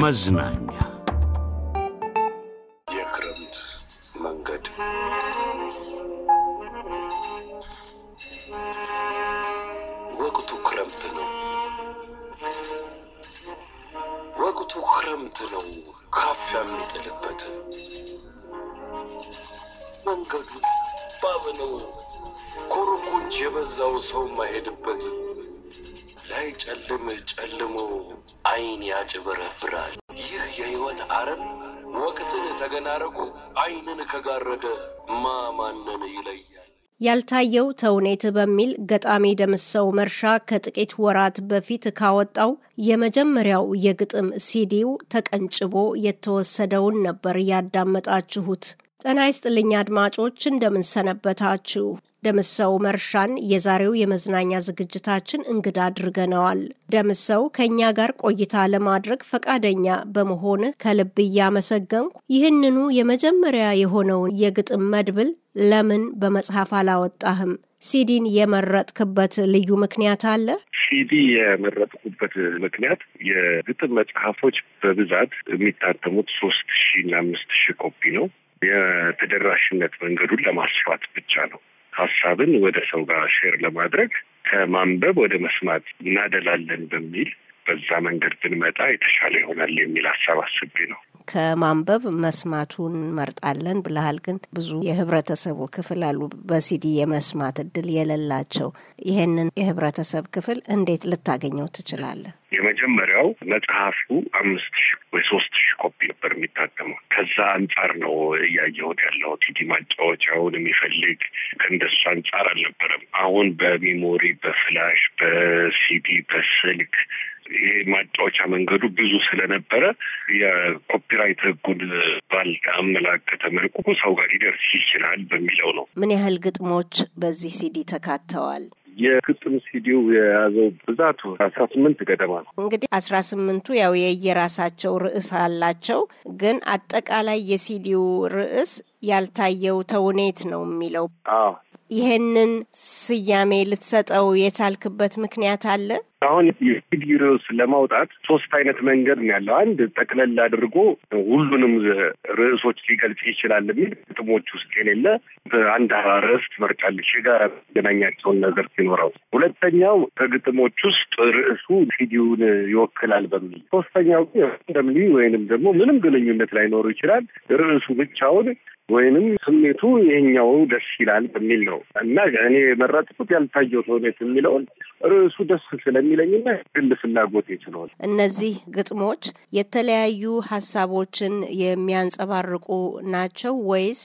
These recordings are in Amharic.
መዝናኛ የክረምት መንገድ ወቅቱ ክረምት ነው። ወቅቱ ክረምት ነው። ካፍ የሚጥልበት መንገዱ ጠባብ ነው። የበዛው ሰው ማሄድበት ጨልም ጨልሞ አይን ያጭበረብራል። ይህ የህይወት አረም ወቅትን ተገናረጉ አይንን ከጋረደ ማማንን ይለያል። ያልታየው ተውኔት በሚል ገጣሚ ደምሰው መርሻ ከጥቂት ወራት በፊት ካወጣው የመጀመሪያው የግጥም ሲዲው ተቀንጭቦ የተወሰደውን ነበር ያዳመጣችሁት። ጤና ይስጥልኝ አድማጮች፣ እንደምንሰነበታችሁ። ደምሰው መርሻን የዛሬው የመዝናኛ ዝግጅታችን እንግዳ አድርገነዋል። ደምሰው ከእኛ ጋር ቆይታ ለማድረግ ፈቃደኛ በመሆንህ ከልብ እያመሰገንኩ ይህንኑ የመጀመሪያ የሆነውን የግጥም መድብል ለምን በመጽሐፍ አላወጣህም? ሲዲን የመረጥክበት ልዩ ምክንያት አለ? ሲዲ የመረጥኩበት ምክንያት የግጥም መጽሐፎች በብዛት የሚታተሙት ሶስት ሺ እና አምስት ሺ ኮፒ ነው። የተደራሽነት መንገዱን ለማስፋት ብቻ ነው። ሀሳብን ወደ ሰው ጋር ሼር ለማድረግ ከማንበብ ወደ መስማት እናደላለን በሚል በዛ መንገድ ብንመጣ የተሻለ ይሆናል የሚል ሀሳብ አስቤ ነው። ከማንበብ መስማቱን መርጣለን ብለሃል። ግን ብዙ የህብረተሰቡ ክፍል አሉ በሲዲ የመስማት እድል የሌላቸው። ይህንን የህብረተሰብ ክፍል እንዴት ልታገኘው ትችላለህ? የመጀመሪያው መጽሐፉ አምስት ሺ ወይ ሶስት ሺ ኮፒ ነበር የሚታተመው። ከዛ አንጻር ነው እያየሁት ያለው ቲዲ ማጫወቻውን የሚፈልግ ከእንደሱ አንጻር አልነበረም። አሁን በሜሞሪ በፍላሽ በሲዲ በስልክ ይሄ ማጫወቻ መንገዱ ብዙ ስለነበረ የኮፒራይት ሕጉን ባልአመላከተ መልኩ ሰው ጋር ሊደርስ ይችላል በሚለው ነው። ምን ያህል ግጥሞች በዚህ ሲዲ ተካተዋል? የግጥም ሲዲው የያዘው ብዛቱ አስራ ስምንት ገደማ ነው። እንግዲህ አስራ ስምንቱ ያው የየራሳቸው ርዕስ አላቸው። ግን አጠቃላይ የሲዲው ርዕስ ያልታየው ተውኔት ነው የሚለው። ይህንን ስያሜ ልትሰጠው የቻልክበት ምክንያት አለ? አሁን የንግድ ርዕስ ለማውጣት ሶስት አይነት መንገድ ነው ያለው። አንድ ጠቅለል አድርጎ ሁሉንም ርዕሶች ሊገልጽ ይችላል የሚል ጥሞች ውስጥ የሌለ አንድ ርዕስ ትመርጫለች ጋር ገናኛቸውን ነገር ሲኖረው። ሁለተኛው ከግጥሞች ውስጥ ርዕሱ ፊዲውን ይወክላል በሚል ሶስተኛው እንደምሊ ወይንም ደግሞ ምንም ግንኙነት ላይኖሩ ይችላል ርዕሱ ብቻውን ወይንም ስሜቱ ይሄኛው ደስ ይላል በሚል ነው እና እኔ መረጥኩት ያልታየው ተውኔት የሚለውን ርዕሱ ደስ ስለሚለኝና ግል ፍላጎቴ ስለሆነ እነዚህ ግጥሞች የተለያዩ ሀሳቦችን የሚያንጸባርቁ ናቸው ወይስ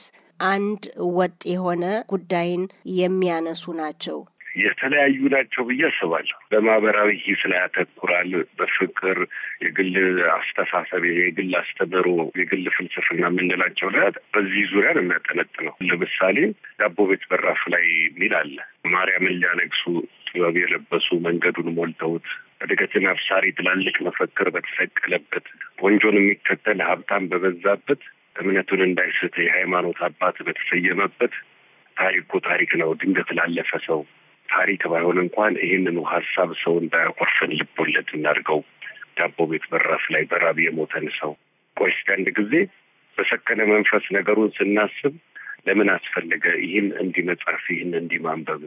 አንድ ወጥ የሆነ ጉዳይን የሚያነሱ ናቸው? የተለያዩ ናቸው ብዬ አስባለሁ። በማህበራዊ ሂስ ላይ ያተኩራል። በፍቅር፣ የግል አስተሳሰብ፣ የግል አስተምህሮ፣ የግል ፍልስፍና የምንላቸው ላይ በዚህ ዙሪያ ነው የሚያጠነጥነው። ለምሳሌ ዳቦ ቤት በራፍ ላይ የሚል አለ። ማርያምን ሊያነግሱ ጥበብ የለበሱ መንገዱን ሞልተውት እድገትን አብሳሪ ትላልቅ መፈክር በተሰቀለበት ቆንጆን የሚከተል ሀብታም በበዛበት እምነቱን እንዳይስት የሃይማኖት አባት በተሰየመበት ታሪኩ ታሪክ ነው። ድንገት ላለፈ ሰው ታሪክ ባይሆን እንኳን ይህንኑ ሀሳብ ሰው እንዳያቆርፈን ልቦለድ እናድርገው። ዳቦ ቤት በራፍ ላይ በራብ የሞተን ሰው ቆይ አንድ ጊዜ በሰከነ መንፈስ ነገሩን ስናስብ ለምን አስፈለገ ይህን እንዲህ መጻፍ ይህን እንዲህ ማንበብ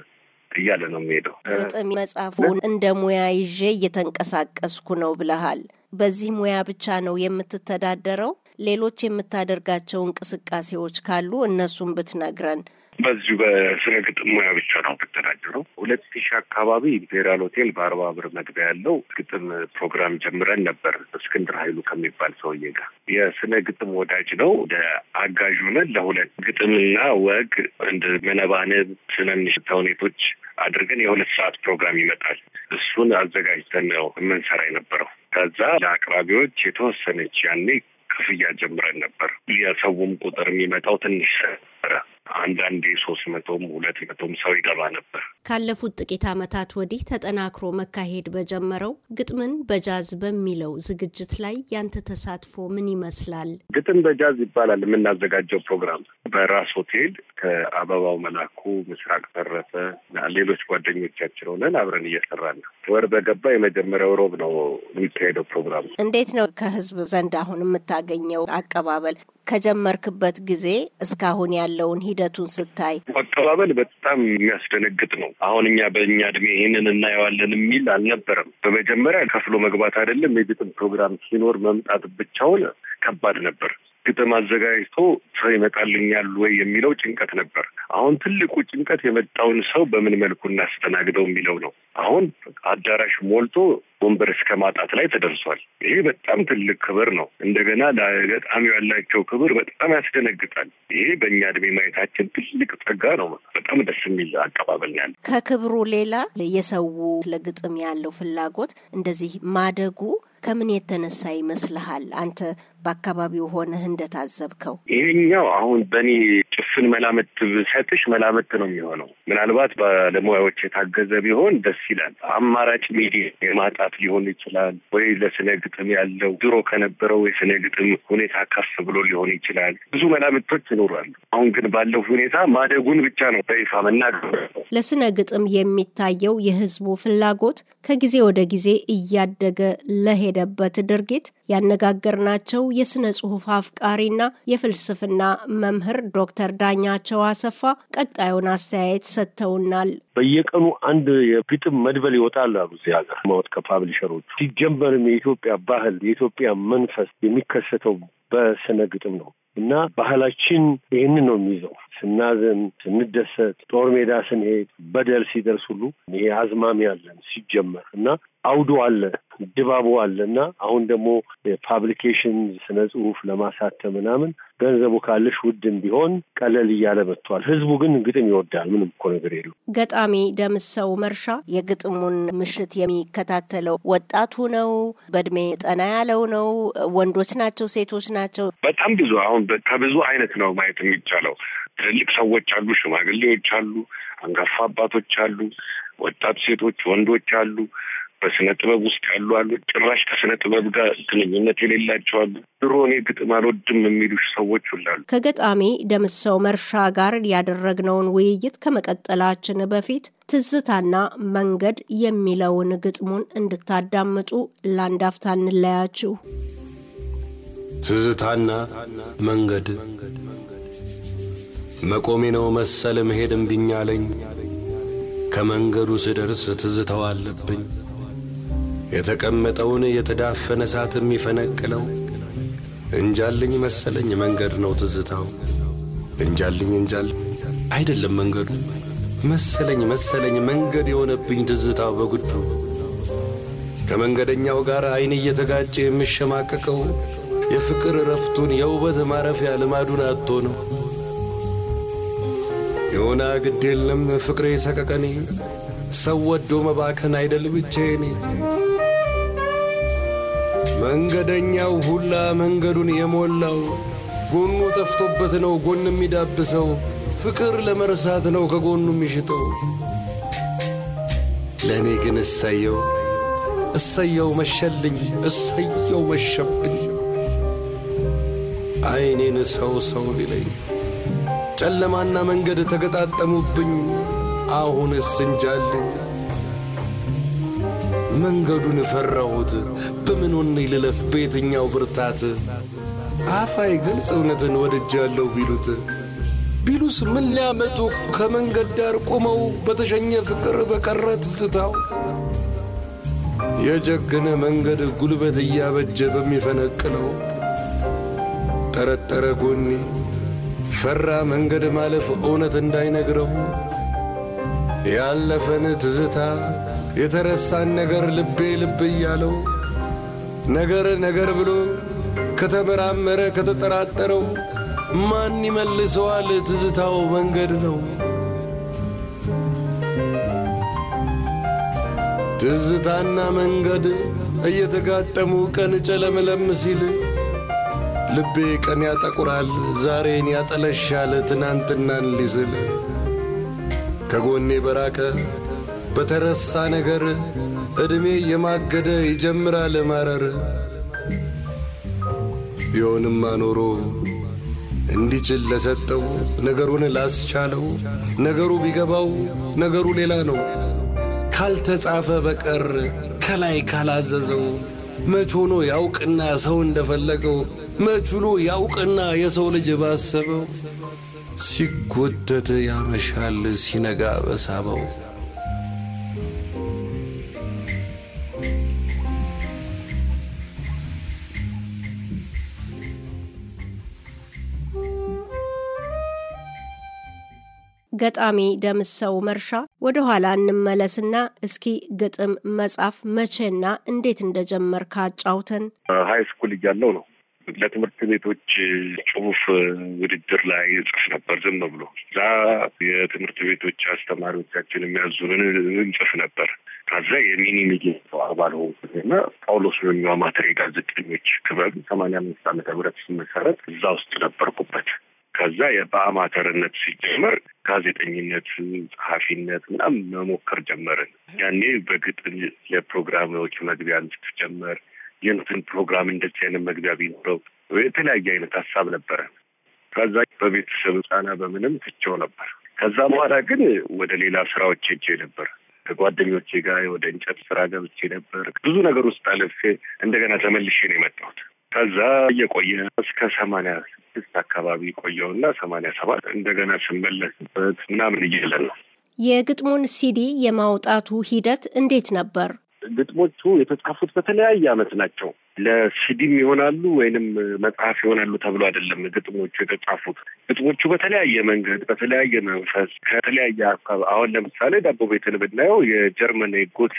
እያለ ነው የሚሄደው። ግጥም መጽሐፉን እንደ ሙያ ይዤ እየተንቀሳቀስኩ ነው ብለሃል። በዚህ ሙያ ብቻ ነው የምትተዳደረው? ሌሎች የምታደርጋቸው እንቅስቃሴዎች ካሉ እነሱን ብትነግረን። በዚሁ በስነ ግጥም ሙያ ብቻ ነው የምተዳደረው ሁለት ሺህ አካባቢ ኢምፔሪያል ሆቴል በአርባ ብር መግቢያ ያለው ግጥም ፕሮግራም ጀምረን ነበር እስክንድር ኃይሉ ከሚባል ሰውዬ ጋር የስነ ግጥም ወዳጅ ነው። ወደ አጋዥ ሆነን ለሁለት ግጥምና ወግ እንደ መነባነብ ትንንሽ ተውኔቶች አድርገን የሁለት ሰዓት ፕሮግራም ይመጣል። እሱን አዘጋጅተን ነው የምንሰራ የነበረው። ከዛ ለአቅራቢዎች የተወሰነች ያኔ ክፍያ ጀምረን ነበር። የሰውም ቁጥር የሚመጣው ትንሽ ነበረ። አንዳንዴ ሶስት መቶም ሁለት መቶም ሰው ይገባ ነበር። ካለፉት ጥቂት ዓመታት ወዲህ ተጠናክሮ መካሄድ በጀመረው ግጥምን በጃዝ በሚለው ዝግጅት ላይ ያንተ ተሳትፎ ምን ይመስላል? ግጥም በጃዝ ይባላል የምናዘጋጀው ፕሮግራም በራስ ሆቴል ከአበባው መላኩ፣ ምስራቅ ተረፈ እና ሌሎች ጓደኞቻችን ሆነን አብረን እየሰራን ነው። ወር በገባ የመጀመሪያው ሮብ ነው የሚካሄደው ፕሮግራም። እንዴት ነው ከህዝብ ዘንድ አሁን የምታገኘው አቀባበል? ከጀመርክበት ጊዜ እስካሁን ያለውን ሂደቱን ስታይ አቀባበል በጣም የሚያስደነግጥ ነው። አሁን እኛ በእኛ እድሜ ይህንን እናየዋለን የሚል አልነበረም። በመጀመሪያ ከፍሎ መግባት አይደለም የግጥም ፕሮግራም ሲኖር መምጣት ብቻውን ከባድ ነበር። ግጥም አዘጋጅቶ ሰው ይመጣልኛል ወይ የሚለው ጭንቀት ነበር። አሁን ትልቁ ጭንቀት የመጣውን ሰው በምን መልኩ እናስተናግደው የሚለው ነው። አሁን አዳራሽ ሞልቶ ወንበር እስከ ማጣት ላይ ተደርሷል። ይሄ በጣም ትልቅ ክብር ነው። እንደገና ለገጣሚው ያላቸው ክብር በጣም ያስደነግጣል። ይሄ በእኛ እድሜ ማየታችን ትልቅ ጸጋ ነው። በጣም ደስ የሚል አቀባበል ያለ ከክብሩ ሌላ የሰው ለግጥም ያለው ፍላጎት እንደዚህ ማደጉ ከምን የተነሳ ይመስልሃል አንተ በአካባቢው ሆነህ እንደታዘብከው? ይሄኛው አሁን በእኔ ጭፍን መላመት ብሰጥሽ መላመት ነው የሚሆነው። ምናልባት ባለሙያዎች የታገዘ ቢሆን ደስ ይላል። አማራጭ ሚዲያ የማጣት ሊሆን ይችላል ወይ ለስነ ግጥም ያለው ድሮ ከነበረው የስነ ግጥም ሁኔታ ከፍ ብሎ ሊሆን ይችላል። ብዙ መላምቶች ይኖራሉ። አሁን ግን ባለው ሁኔታ ማደጉን ብቻ ነው በይፋ መናገር። ለስነ ግጥም የሚታየው የህዝቡ ፍላጎት ከጊዜ ወደ ጊዜ እያደገ ለሄደበት ድርጊት ያነጋገርናቸው የሥነ ጽሑፍ አፍቃሪና የፍልስፍና መምህር ዶክተር ዳኛቸው አሰፋ ቀጣዩን አስተያየት ሰጥተውናል። በየቀኑ አንድ የግጥም መድበል ይወጣል አሉ እዚህ ሀገር ማወት ከፓብሊሸሮች ሲጀመርም የኢትዮጵያ ባህል የኢትዮጵያ መንፈስ የሚከሰተው በስነ ግጥም ነው። እና ባህላችን ይህንን ነው የሚይዘው። ስናዘን፣ ስንደሰት፣ ጦር ሜዳ ስንሄድ፣ በደል ሲደርስ ሁሉ ይሄ አዝማሚ አለን ሲጀመር እና አውዱ አለ ድባቡ አለ እና አሁን ደግሞ የፓብሊኬሽን ስነ ጽሁፍ ለማሳተም ምናምን ገንዘቡ ካለሽ ውድም ቢሆን ቀለል እያለ መጥቷል። ህዝቡ ግን ግጥም ይወዳል። ምንም እኮ ነገር የለው ገጣሚ ደምሰው መርሻ የግጥሙን ምሽት የሚከታተለው ወጣቱ ነው፣ በእድሜ ጠና ያለው ነው፣ ወንዶች ናቸው፣ ሴቶች ናቸው። በጣም ብዙ አሁን ከብዙ አይነት ነው ማየት የሚቻለው። ትልልቅ ሰዎች አሉ፣ ሽማግሌዎች አሉ፣ አንጋፋ አባቶች አሉ፣ ወጣት ሴቶች፣ ወንዶች አሉ። በስነ ጥበብ ውስጥ ያሉ አሉ፣ ጭራሽ ከስነ ጥበብ ጋር ግንኙነት የሌላቸው አሉ። ድሮ እኔ ግጥም አልወድም የሚሉ ሰዎች ሁላሉ። ከገጣሚ ደምሰው መርሻ ጋር ያደረግነውን ውይይት ከመቀጠላችን በፊት ትዝታና መንገድ የሚለውን ግጥሙን እንድታዳምጡ ላንዳፍታ እንለያችሁ። ትዝታና መንገድ መቆሜ ነው መሰል መሄድ እምቢኛለኝ ከመንገዱ ስደርስ ትዝተዋለብኝ የተቀመጠውን የተዳፈነ እሳት የሚፈነቅለው እንጃልኝ መሰለኝ መንገድ ነው ትዝታው። እንጃልኝ እንጃል አይደለም መንገዱ መሰለኝ መሰለኝ መንገድ የሆነብኝ ትዝታው በጉዱ ከመንገደኛው ጋር አይን እየተጋጨ የምሸማቀቀው የፍቅር እረፍቱን የውበት ማረፊያ ልማዱን አቶ ነው። የሆነ ግድ የለም ፍቅሬ ሰቀቀኔ ሰው ወዶ መባከን አይደል ብቻዬ መንገደኛው ሁላ መንገዱን የሞላው ጎኑ ጠፍቶበት ነው ጎን የሚዳብሰው ፍቅር ለመርሳት ነው ከጎኑ የሚሽጠው። ለእኔ ግን እሰየው እሰየው መሸልኝ እሰየው መሸብኝ ዐይኔን ሰው ሰው ሊለኝ ጨለማና መንገድ ተገጣጠሙብኝ አሁንስ እንጃልኝ መንገዱን ፈራሁት። በምን ሆኔ ልለፍ? በየትኛው ብርታት አፋይ አይገልጽ እውነትን ወድጃለሁ ቢሉት ቢሉስ ምን ሊያመጡ ከመንገድ ዳር ቆመው በተሸኘ ፍቅር በቀረ ትዝታው የጀገነ መንገድ ጉልበት እያበጀ በሚፈነቅለው ጠረጠረ ጎኔ ፈራ መንገድ ማለፍ እውነት እንዳይነግረው ያለፈን ትዝታ የተረሳን ነገር ልቤ ልብ እያለው ነገር ነገር ብሎ ከተመራመረ ከተጠራጠረው ማን ይመልሰዋል? ትዝታው መንገድ ነው። ትዝታና መንገድ እየተጋጠሙ ቀን ጨለምለም ሲል ልቤ ቀን ያጠቁራል፣ ዛሬን ያጠለሻል፣ ትናንትናን ሊስል ከጎኔ በራቀ በተረሳ ነገር ዕድሜ የማገደ ይጀምራል ማረር። ቢሆንማ ኖሮ እንዲችል ለሰጠው ነገሩን ላስቻለው ነገሩ ቢገባው ነገሩ ሌላ ነው። ካልተጻፈ በቀር ከላይ ካላዘዘው መች ሆኖ ያውቅና ሰው እንደፈለገው መች ሆኖ ያውቅና የሰው ልጅ ባሰበው ሲጎተት ያመሻል ሲነጋ በሳበው ገጣሚ ደምሰው መርሻ ወደ ኋላ እንመለስና እስኪ ግጥም መጻፍ መቼና እንዴት እንደጀመር ካጫውተን። ሀይ ስኩል እያለው ነው ለትምህርት ቤቶች ጽሁፍ ውድድር ላይ ጽፍ ነበር። ዝም ብሎ እዛ የትምህርት ቤቶች አስተማሪዎቻችን የሚያዙንን እንጽፍ ነበር። ከዛ የሚኒ ሚጌቶ አባል ሆንኩና ጳውሎስ ኞኞ ማተሬ ጋዜጠኞች ክበብ ሰማንያ አምስት ዓመተ ምህረት ሲመሰረት እዛ ውስጥ ነበርኩበት። ከዛ በአማተርነት ሲጀመር ጋዜጠኝነት፣ ጸሐፊነት ምናም መሞከር ጀመርን። ያኔ በግጥም የፕሮግራሞች መግቢያ እንድትጀመር የንትን ፕሮግራም እንደዚህ አይነት መግቢያ ቢኖረው የተለያየ አይነት ሀሳብ ነበረ። ከዛ በቤተሰብ ጫና በምንም ትቼው ነበር። ከዛ በኋላ ግን ወደ ሌላ ስራዎች ሄጄ ነበር። ከጓደኞቼ ጋር ወደ እንጨት ስራ ገብቼ ነበር። ብዙ ነገር ውስጥ አለፌ እንደገና ተመልሼ ነው የመጣሁት። ከዛ እየቆየ እስከ ሰማንያ ስድስት አካባቢ ቆየውና ሰማንያ ሰባት እንደገና ስመለስበት ምናምን እያለ ነው። የግጥሙን ሲዲ የማውጣቱ ሂደት እንዴት ነበር? ግጥሞቹ የተጻፉት በተለያየ አመት ናቸው። ለሲዲም ይሆናሉ ወይንም መጽሐፍ ይሆናሉ ተብሎ አይደለም ግጥሞቹ የተጻፉት። ግጥሞቹ በተለያየ መንገድ፣ በተለያየ መንፈስ፣ ከተለያየ አካባቢ አሁን ለምሳሌ ዳቦ ቤትን ብናየው የጀርመን ጎቴ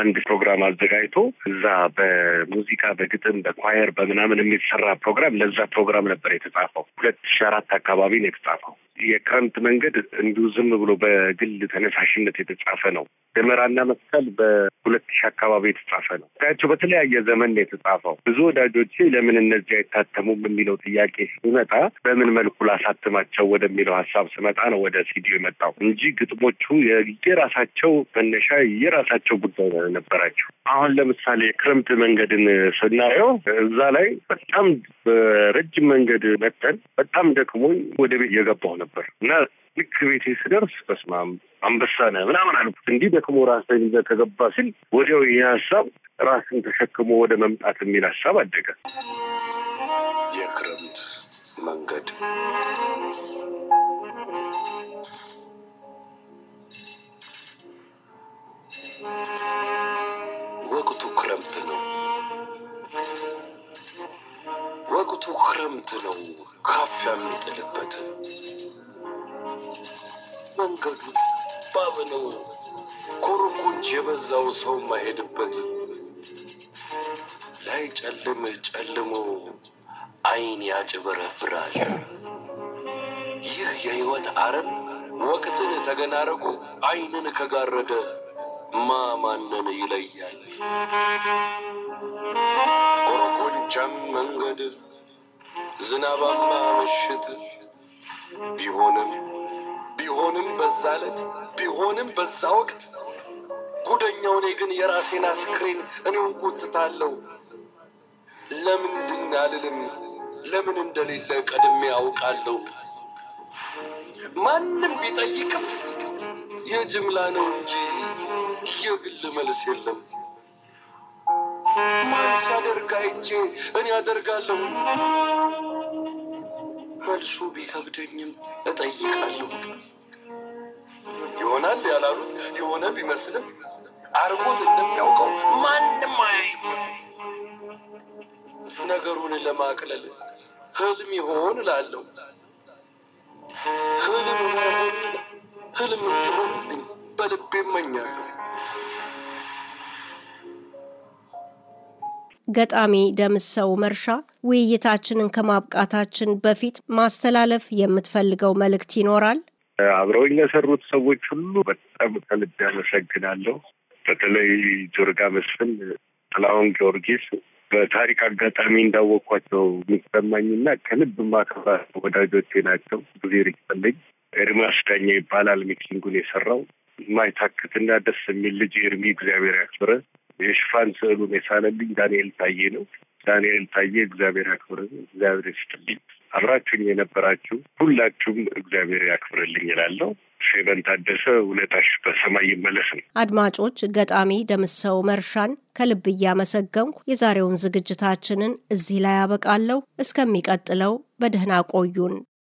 አንድ ፕሮግራም አዘጋጅቶ እዛ በሙዚቃ በግጥም በኳየር በምናምን የሚሰራ ፕሮግራም ለዛ ፕሮግራም ነበር የተጻፈው። ሁለት ሺ አራት አካባቢ ነው የተጻፈው። የካንት መንገድ እንዲሁ ዝም ብሎ በግል ተነሳሽነት የተጻፈ ነው። ደመራና መስቀል በሁለት ሺህ አካባቢ የተጻፈ ነው። ታያቸው በተለያየ ዘመን ነው የተጻፈው። ብዙ ወዳጆች ለምን እነዚህ አይታተሙም የሚለው ጥያቄ ሲመጣ በምን መልኩ ላሳትማቸው ወደሚለው ሀሳብ ስመጣ ነው ወደ ሲዲዮ የመጣው እንጂ ግጥሞቹ የራሳቸው መነሻ የራሳቸው ጉዳይ ነበራቸው። አሁን ለምሳሌ የክረምት መንገድን ስናየው እዛ ላይ በጣም በረጅም መንገድ መጠን በጣም ደክሞኝ ወደ ቤት የገባሁ ነበር ነበር እና ልክ ቤቴ ስደርስ በስማም አንበሳ ነህ ምናምን አሉ። እንዲህ ደክሞ ራስን ይዘህ ከገባ ሲል ወዲያው ይህ ሀሳብ ራስን ተሸክሞ ወደ መምጣት የሚል ሀሳብ አደገ። የክረምት መንገድ ወቅቱ ክረምት ነው። ወቅቱ ክረምት ነው ካፍ የሚጥልበት መንገዱ ጠባብ ነው፣ ኩርሙች የበዛው ሰው ማሄድበት ላይ ጨልም ጨልሞ አይን ያጭበረብራል። ይህ የህይወት አረም ወቅትን ተገናረጉ አይንን ከጋረደ ማማነን ይለያል። ኮረኮንቻም መንገድ ዝናባማ ምሽት ቢሆንም ቢሆንም በዛ ዕለት ቢሆንም በዛ ወቅት ጉደኛው እኔ ግን የራሴን አስክሬን እኔው ጎትታለሁ። ለምንድን አልልም፣ ለምን እንደሌለ ቀድሜ አውቃለሁ። ማንም ቢጠይቅም የጅምላ ነው እንጂ የግል መልስ የለም። ማን ሲያደርግ አይቼ እኔ አደርጋለሁ። መልሱ ቢከብደኝም እጠይቃለሁ። ይሆናል ያላሉት የሆነ ቢመስልም አርጎት እንደሚያውቀው ማንም አያይም። ነገሩን ለማቅለል ህልም ይሆን እላለሁ። ህልም ህልም እንዲሆንልኝ በልቤ እመኛለሁ። ገጣሚ ደምሰው መርሻ፣ ውይይታችንን ከማብቃታችን በፊት ማስተላለፍ የምትፈልገው መልእክት ይኖራል? አብረውኝ የሰሩት ሰዎች ሁሉ በጣም ከልብ ያመሰግናለሁ። በተለይ ጆርጋ መስፍን፣ ጥላሁን ጊዮርጊስ በታሪክ አጋጣሚ እንዳወቅኳቸው የሚሰማኝና ከልብ ማከባ ወዳጆቼ ናቸው። እግዜር ርጭፈልኝ ኤርሚያስ ዳኛ ይባላል ሚኪንጉን የሰራው ማይታክትና ደስ የሚል ልጅ ኤርሚ እግዚአብሔር ያክብረ። የሽፋን ስዕሉን የሳለልኝ ዳንኤል ታዬ ነው። ዳንኤል ታዬ እግዚአብሔር ያክብረ። እግዚአብሔር ይስጥልኝ። አብራችሁኝ የነበራችሁ ሁላችሁም እግዚአብሔር ያክብርልኝ እላለሁ። ሴበን ታደሰ ውለታሽ በሰማይ ይመለስ ነው። አድማጮች፣ ገጣሚ ደምሰው መርሻን ከልብ እያመሰገንኩ የዛሬውን ዝግጅታችንን እዚህ ላይ አበቃለሁ። እስከሚቀጥለው በደህና ቆዩን።